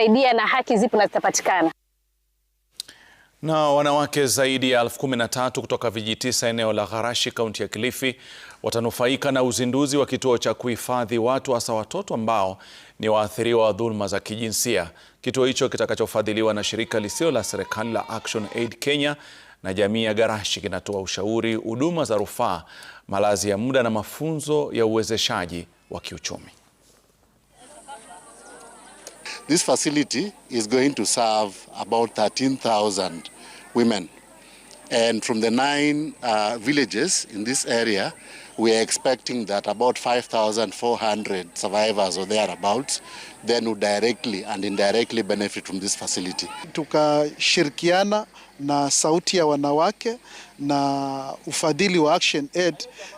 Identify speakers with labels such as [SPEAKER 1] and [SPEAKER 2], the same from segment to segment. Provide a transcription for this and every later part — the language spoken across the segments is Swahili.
[SPEAKER 1] saidia na haki zipo na zitapatikana. Na wanawake zaidi ya elfu kumi na tatu kutoka vijiji tisa eneo la Gharashi kaunti ya Kilifi watanufaika na uzinduzi wa kituo cha kuhifadhi watu hasa watoto ambao ni waathiriwa wa dhuluma za kijinsia. Kituo hicho kitakachofadhiliwa na shirika lisilo la serikali la Action Aid Kenya na jamii ya Gharashi kinatoa ushauri, huduma za rufaa, malazi ya muda na mafunzo ya uwezeshaji wa kiuchumi.
[SPEAKER 2] This facility is going to serve about 13,000 women. And from the nine uh, villages in this area, we are expecting that about 5,400 survivors or thereabouts then who directly and indirectly benefit from this facility.
[SPEAKER 3] Tukashirikiana na sauti ya wanawake na ufadhili wa Action Aid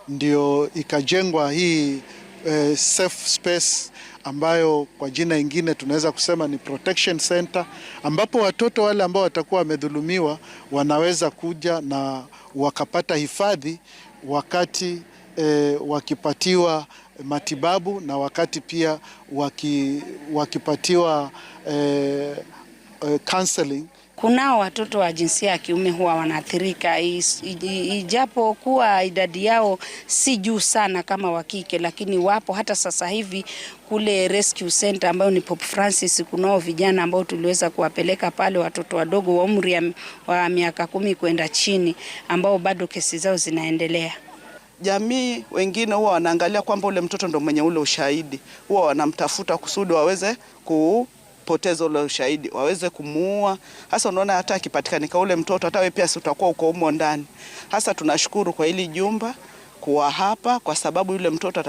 [SPEAKER 3] ndio ikajengwa hii eh, safe space ambayo kwa jina ingine tunaweza kusema ni protection center, ambapo watoto wale ambao watakuwa wamedhulumiwa wanaweza kuja na wakapata hifadhi wakati e, wakipatiwa matibabu na wakati pia waki, wakipatiwa e, e, counseling
[SPEAKER 4] Kunao watoto wa jinsia ya kiume huwa wanaathirika, ijapo kuwa idadi yao si juu sana kama wa kike, lakini wapo. Hata sasa hivi kule Rescue Center ambayo ni Pope Francis, kunao vijana ambao tuliweza kuwapeleka pale, watoto wadogo wa umri wa miaka kumi kwenda chini, ambao bado kesi zao zinaendelea.
[SPEAKER 5] Jamii wengine huwa wanaangalia kwamba ule mtoto ndo mwenye ule ushahidi, huwa wanamtafuta kusudi waweze ku potezo la ushahidi waweze kumuua. Hasa unaona, hata akipatikanika ule mtoto, hata wewe pia si utakuwa uko humo ndani. Hasa tunashukuru kwa hili jumba kuwa hapa, kwa sababu yule mtoto